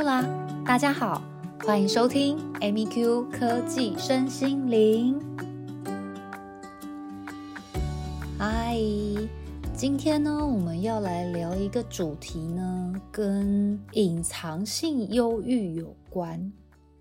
h 大家好，歡迎收聽 AmyQ 科技身心靈。Hi，今天呢，我們要來聊一個主題呢，跟隱藏性憂鬱有關。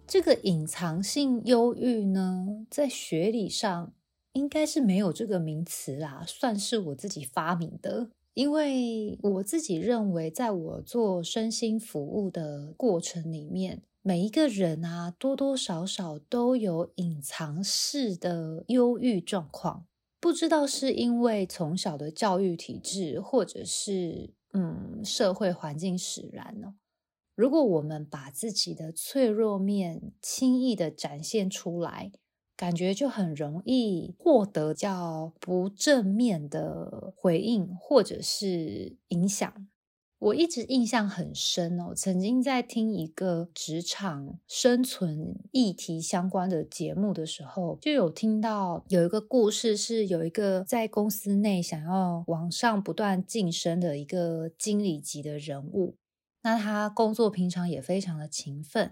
這個隱藏性憂鬱呢，在學理上應該是沒有這個名詞啦，算是我自己發明的。因為我自己認為，在我做身心服務的過程裡面，每一個人啊，多多少少都有隱藏式的憂鬱狀況。不知道是因為從小的教育體制，或者是嗯社會環境使然呢？如果我們把自己的脆弱面輕易的展現出來，感覺就很容易獲得較不正面的回應或者是影響。我一直印象很深哦，曾經在聽一個職場生存議題相關的節目的時候，就有聽到有一個故事，是有一個在公司內想要往上不斷晉升的一個經理級的人物，那他工作平常也非常的勤奮。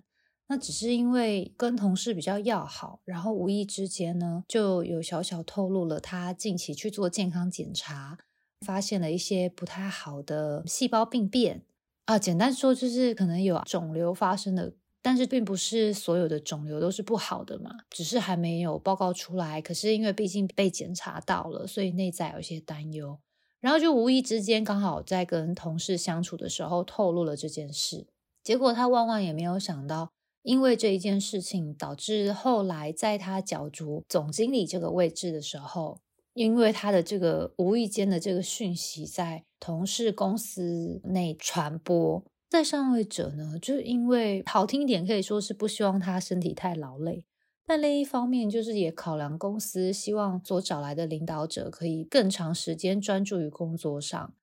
那只是因為跟同事比較要好，然後無意之間呢，就有小小透露了他近期去做健康檢查，發現了一些不太好的細胞病變啊，簡單說就是可能有腫瘤發生的，但是並不是所有的腫瘤都是不好的嘛，只是還沒有報告出來。可是因為畢竟被檢查到了，所以內在有些擔憂，然後就無意之間剛好在跟同事相處的時候透露了這件事，結果他萬萬也沒有想到。因為這一件事情，導致後來在他角逐總經理這個位置的時候，因為他的這個無意間的這個訊息在同事公司內傳播，在上位者呢，就因為好聽一點，可以說是不希望他身體太勞累，但另一方面就是也考量公司希望所找來的領導者可以更長時間專注於工作上。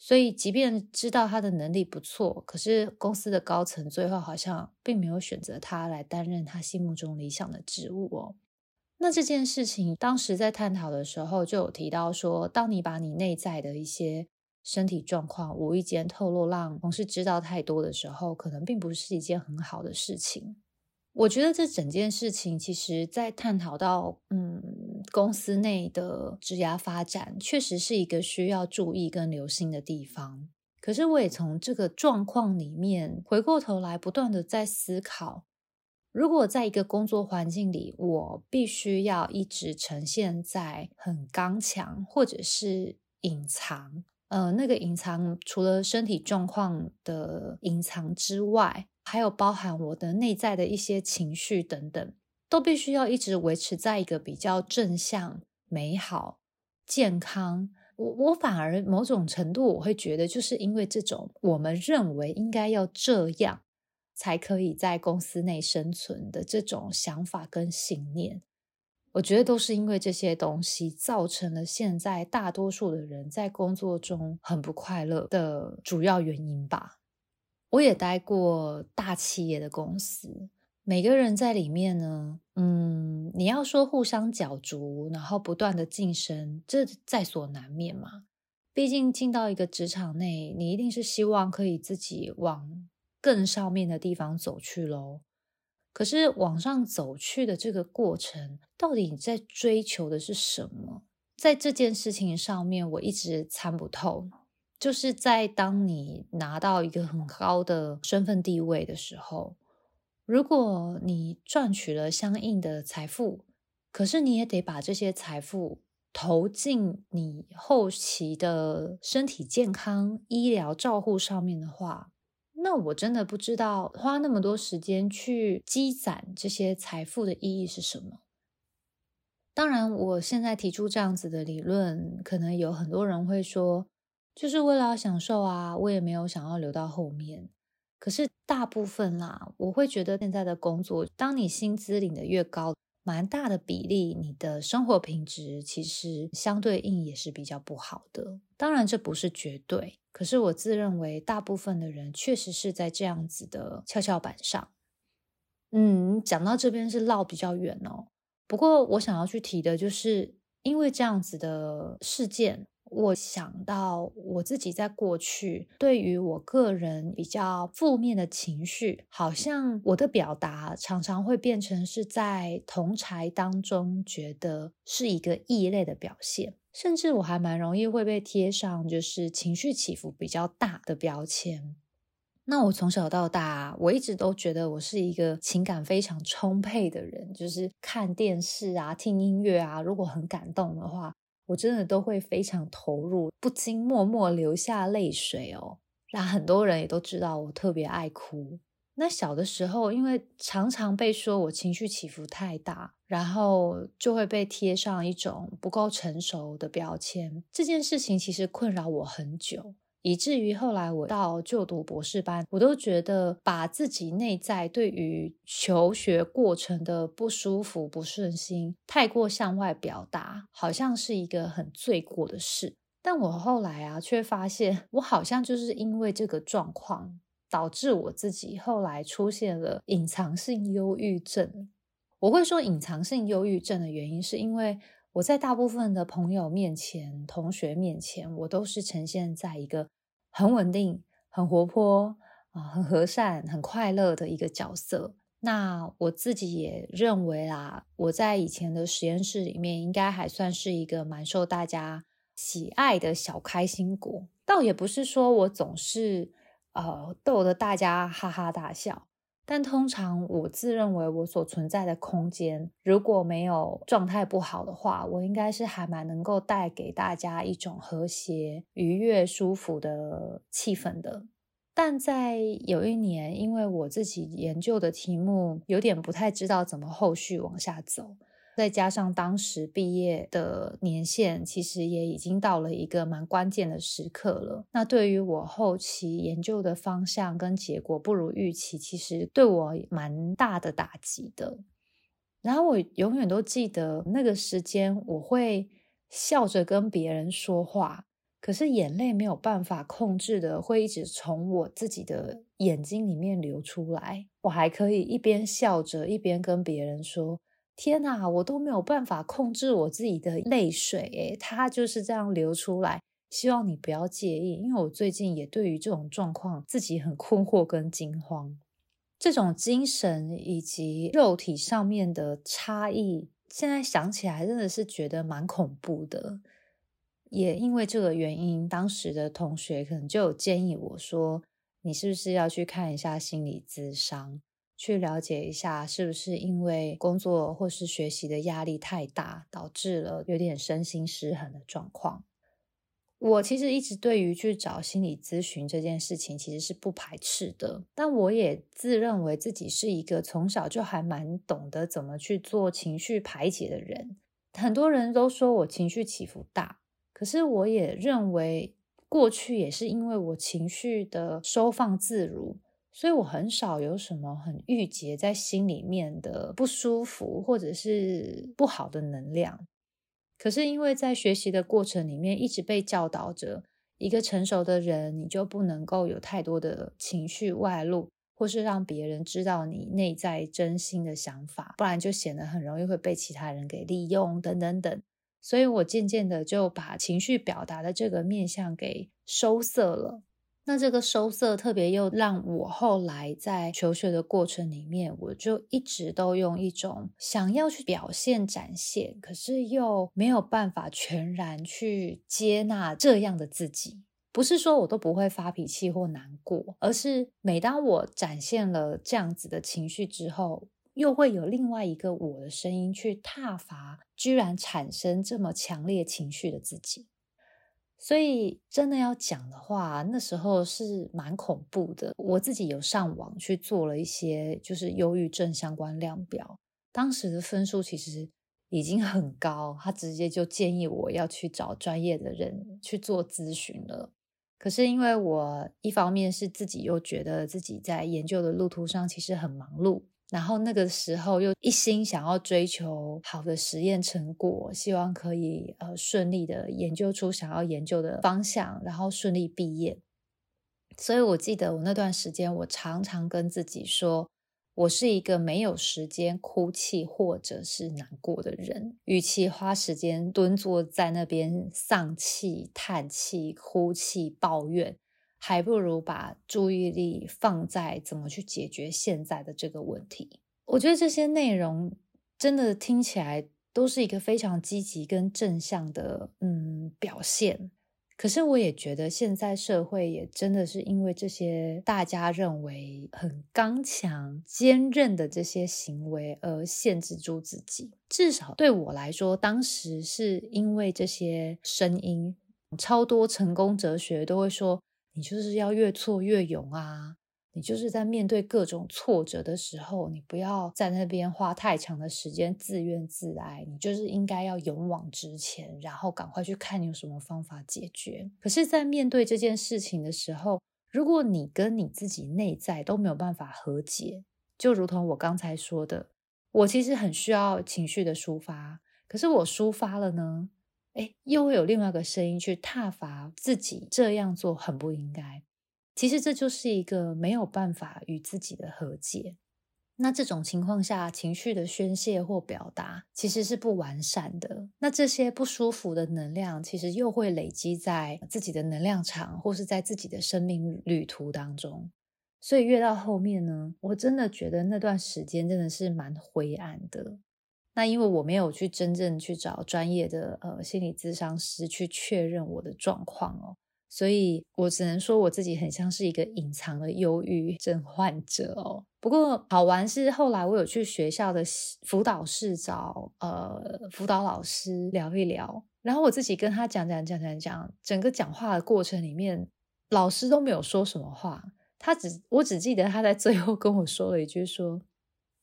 所以，即便知道他的能力不錯，可是公司的高層最後好像並沒有選擇他來擔任他心目中理想的職務哦。那這件事情當時在探討的時候，就有提到說，當你把你內在的一些身體狀況無意間透露讓同事知道太多的時候，可能並不是一件很好的事情。我覺得這整件事情其實在探討到，嗯。公司內的職涯發展確實是一個需要注意跟留心的地方。可是，我也從這個狀況裡面回過頭來，不斷的在思考：如果在一個工作環境裡，我必須要一直呈現在很剛強，或者是隱藏。呃，那個隱藏除了身體狀況的隱藏之外，還有包含我的內在的一些情緒等等。都必須要一直維持在一個比較正向、美好、健康。我我反而某種程度，我會覺得，就是因為這種我們認為應該要這樣才可以在公司內生存的這種想法跟信念，我覺得都是因為這些東西造成了現在大多數的人在工作中很不快樂的主要原因吧。我也待過大企業的公司。每個人在裡面呢，嗯，你要說互相角逐，然後不斷的晉升，這在所難免嘛。畢竟進到一個職場內，你一定是希望可以自己往更上面的地方走去咯。可是往上走去的這個過程，到底你在追求的是什麼？在這件事情上面，我一直參不透。就是在當你拿到一個很高的身份地位的時候。如果你賺取了相應的財富，可是你也得把這些財富投進你後期的身體健康、醫療照護上面的話，那我真的不知道花那麼多時間去積攢這些財富的意義是什麼。當然，我現在提出這樣子的理論，可能有很多人會說，就是為了要享受啊，我也沒有想要留到後面。可是大部分啦、啊，我會覺得現在的工作，當你薪資領的越高，蠻大的比例，你的生活品質其實相對應也是比較不好的。當然這不是絕對，可是我自認為大部分的人確實是在這樣子的蹺蹺板上。嗯，講到這邊是嘮比較遠哦。不過我想要去提的就是，因為這樣子的事件。我想到我自己在過去，對於我個人比較負面的情緒，好像我的表達常常會變成是在同儕當中覺得是一個異類的表現，甚至我還蠻容易會被貼上就是情緒起伏比較大的標籤。那我從小到大，我一直都覺得我是一個情感非常充沛的人，就是看電視啊、聽音樂啊，如果很感動的話。我真的都會非常投入，不禁默默流下淚水哦，讓很多人也都知道我特別愛哭。那小的時候，因為常常被說我情緒起伏太大，然後就會被貼上一種不夠成熟的標籤。這件事情其實困擾我很久。以至於後來我到就讀博士班，我都覺得把自己內在對於求學過程的不舒服、不順心，太過向外表達，好像是一個很罪過的事。但我後來啊，卻發現我好像就是因為這個狀況，導致我自己後來出現了隱藏性憂鬱症。我會說隱藏性憂鬱症的原因，是因為……我在大部分的朋友面前、同學面前，我都是呈現在一個很穩定、很活潑啊、呃、很和善、很快樂的一個角色。那我自己也認為啦，我在以前的實驗室裡面，應該還算是一個蠻受大家喜愛的小開心果。倒也不是說我總是呃逗得大家哈哈大笑。但通常我自認為我所存在的空間，如果沒有狀態不好的話，我應該是還蠻能夠帶給大家一種和諧、愉悅、舒服的氣氛的。但在有一年，因為我自己研究的題目有點不太知道怎麼後續往下走。再加上當時畢業的年限，其實也已經到了一個蠻關鍵的時刻了。那對於我後期研究的方向跟結果不如預期，其實對我蠻大的打擊的。然後我永遠都記得那個時間，我會笑着跟別人說話，可是眼淚沒有辦法控制的，會一直從我自己的眼睛裡面流出來。我還可以一邊笑着，一邊跟別人說。天啊，我都沒有辦法控制我自己的淚水，誒，它就是這樣流出來。希望你不要介意，因為我最近也對於這種狀況自己很困惑跟驚慌。這種精神以及肉體上面的差異，現在想起來真的是覺得蠻恐怖的。也因為這個原因，當時的同學可能就有建議我說，你是不是要去看一下心理諮商，去了解一下，是不是因為工作或是學習的壓力太大，導致了有點身心失衡的狀況？我其實一直對於去找心理諮詢這件事情其實是不排斥的，但我也自認為自己是一個從小就還蠻懂得怎麼去做情緒排解的人。很多人都說我情緒起伏大，可是我也認為過去也是因為我情緒的收放自如。所以我很少有什麼很鬱結在心裡面的不舒服，或者是不好的能量。可是因為在學習的過程裡面，一直被教導着，一個成熟的人你就不能夠有太多的情緒外露，或是讓別人知道你內在真心的想法，不然就顯得很容易會被其他人給利用等等等。所以我漸漸的就把情緒表達的這個面向給收澀了。那這個收色，特別又讓我後來在求學的過程裡面，我就一直都用一種想要去表現展現，可是又沒有辦法全然去接納這樣的自己。不是說我都不會發脾氣或難過，而是每當我展現了這樣子的情緒之後，又會有另外一個我的聲音去撻伐，居然產生這麼強烈情緒的自己。所以真的要講的話，那時候是蠻恐怖的。我自己有上網去做了一些就是憂鬱症相關量表，當時的分數其實已經很高，他直接就建議我要去找專業的人去做諮詢了。可是因為我一方面是自己又覺得自己在研究的路途上其實很忙碌。然後那個時候又一心想要追求好的實驗成果，希望可以呃順利的研究出想要研究的方向，然後順利畢業。所以我記得我那段時間，我常常跟自己說，我是一個沒有時間哭泣或者是難過的人，與其花時間蹲坐在那邊喪氣、嘆氣、哭泣、抱怨，還不如把注意力放在怎麼去解決現在的這個問題。我覺得這些內容真的聽起來都是一個非常積極跟正向的，嗯，表現。可是我也覺得現在社會也真的是因為這些大家認為很剛強、堅韌的這些行為而限制住自己。至少對我來說，當時是因為這些聲音，超多成功哲學都會說。你就是要越挫越勇啊！你就是在面對各種挫折的時候，你不要在那邊花太長的時間自怨自艾，你就是應該要勇往直前，然後趕快去看你有什麼方法解決。可是，在面對這件事情的時候，如果你跟你自己內在都沒有辦法和解，就如同我剛才說的，我其實很需要情緒的抒發，可是我抒發了呢？哎，又會有另外一個聲音去撻伐自己這樣做很不應該。其實這就是一個沒有辦法與自己的和解。那這種情況下，情緒的宣洩或表達其實是不完善的。那這些不舒服的能量，其實又會累積在自己的能量場，或是在自己的生命旅途當中。所以越到後面呢，我真的覺得那段時間真的是蠻灰暗的。那因為我沒有去真正去找專業的呃心理諮商師去確認我的狀況哦，所以我只能說我自己很像是一個隱藏的憂鬱症患者哦。不過好玩是後來我有去學校的輔導室找呃輔導老師聊一聊，然後我自己跟他講講講講講，整個講話的過程裡面老師都沒有說什麼話，他只我只記得他在最後跟我說了一句說。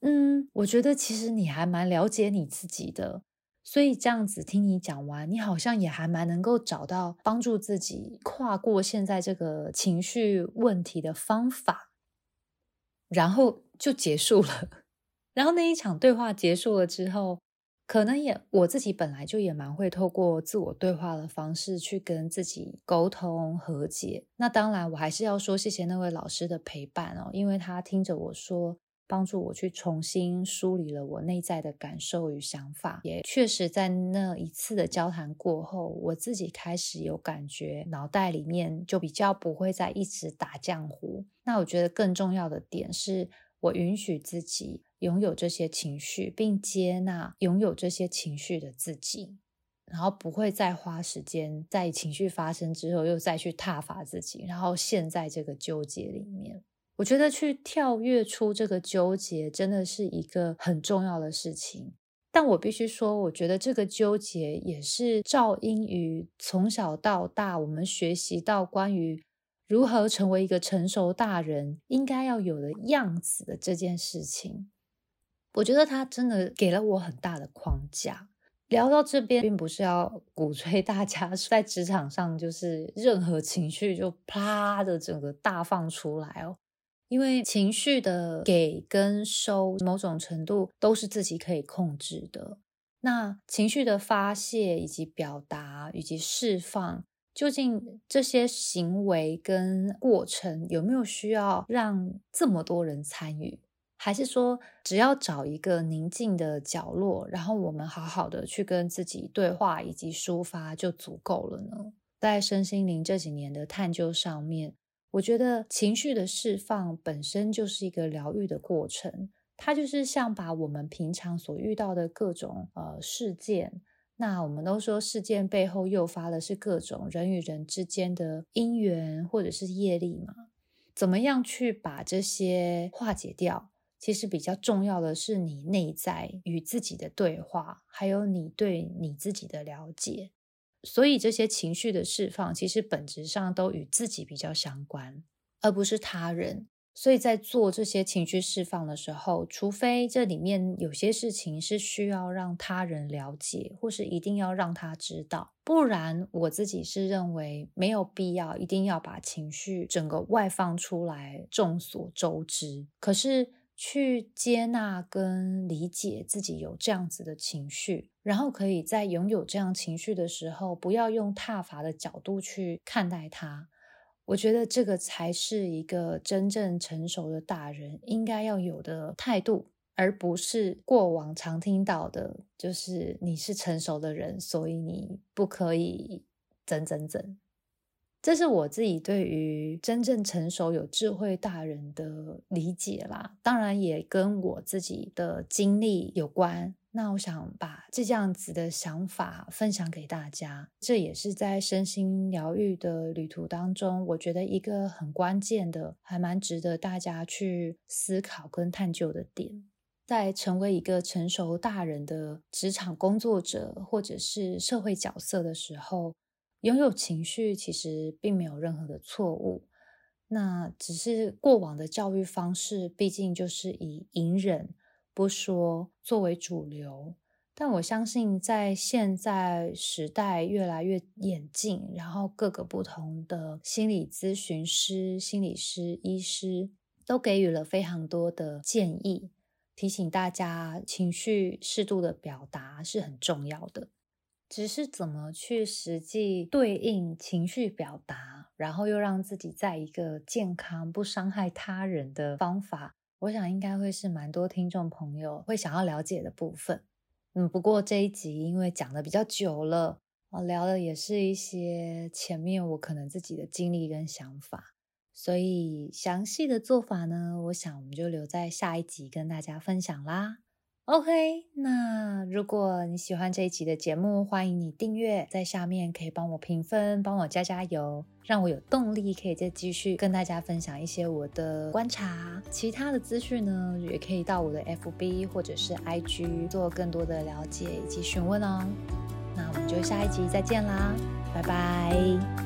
嗯，我覺得其實你還蠻了解你自己的，所以這樣子聽你講完，你好像也還蠻能夠找到幫助自己跨過現在這個情緒問題的方法，然後就結束了。然後那一場對話結束了之後，可能也我自己本來就也蠻會透過自我對話的方式去跟自己溝通和解。那當然，我還是要說謝謝那位老師的陪伴哦，因為他聽着我說。幫助我去重新梳理了我內在的感受與想法，也確實在那一次的交談過後，我自己開始有感覺，腦袋裡面就比較不會再一直打漿糊。那我覺得更重要的點是，我允許自己擁有這些情緒，並接納擁有這些情緒的自己，然後不會再花時間在情緒發生之後又再去撻伐自己，然後陷在這個糾結裡面。我覺得去跳躍出這個糾結真的是一個很重要的事情，但我必須說，我覺得這個糾結也是肇因於從小到大我們學習到關於如何成為一個成熟大人應該要有的樣子的這件事情。我覺得他真的給了我很大的框架。聊到這邊，並不是要鼓吹大家在職場上就是任何情緒就啪的整個大放出來哦。因為情緒的給跟收，某種程度都是自己可以控制的。那情緒的發泄以及表達以及釋放，究竟這些行為跟過程有沒有需要讓這麼多人參與？還是說，只要找一個寧靜的角落，然後我們好好的去跟自己對話以及抒發就足夠了呢？在身心靈這幾年的探究上面。我覺得情緒的釋放本身就是一個療癒的過程，它就是像把我們平常所遇到的各種呃事件，那我們都說事件背後誘發的是各種人與人之間的因緣或者是業力嘛，怎麼樣去把這些化解掉？其實比較重要的是你內在與自己的對話，還有你對你自己的了解。所以這些情緒的釋放，其實本質上都與自己比較相關，而不是他人。所以在做這些情緒釋放的時候，除非這裡面有些事情是需要讓他人了解，或是一定要讓他知道，不然我自己是認為沒有必要，一定要把情緒整個外放出來，眾所周知。可是。去接納跟理解自己有這樣子的情緒，然後可以在擁有這樣情緒的時候，不要用撻伐的角度去看待他。我覺得這個才是一個真正成熟的大人應該要有的態度，而不是過往常聽到的，就是你是成熟的人，所以你不可以整整整。這是我自己對於真正成熟有智慧大人的理解啦，當然也跟我自己的經歷有關。那我想把這樣子的想法分享給大家，這也是在身心療癒的旅途當中，我覺得一個很關鍵的，還蠻值得大家去思考跟探究的點，在成為一個成熟大人的職場工作者或者是社會角色的時候。擁有情緒其實並沒有任何的錯誤，那只是過往的教育方式，畢竟就是以隱忍不說作為主流。但我相信，在現在時代越來越演進，然後各個不同的心理諮詢師、心理師、醫師都給予了非常多的建議，提醒大家情緒適度的表達是很重要的。只是怎麼去實際對應情緒表達，然後又讓自己在一個健康、不傷害他人的方法，我想應該會是蠻多聽眾朋友會想要了解的部分。嗯，不過這一集因為講得比較久了，我聊的也是一些前面我可能自己的經歷跟想法，所以詳細的做法呢，我想我們就留在下一集跟大家分享啦。OK，那如果你喜歡這一集的節目，歡迎你訂閱，在下面可以幫我評分，幫我加加油，讓我有動力可以再繼續跟大家分享一些我的觀察。其他的資訊呢，也可以到我的 FB 或者是 IG 做更多的了解以及詢問哦。那我們就下一集再見啦，拜拜。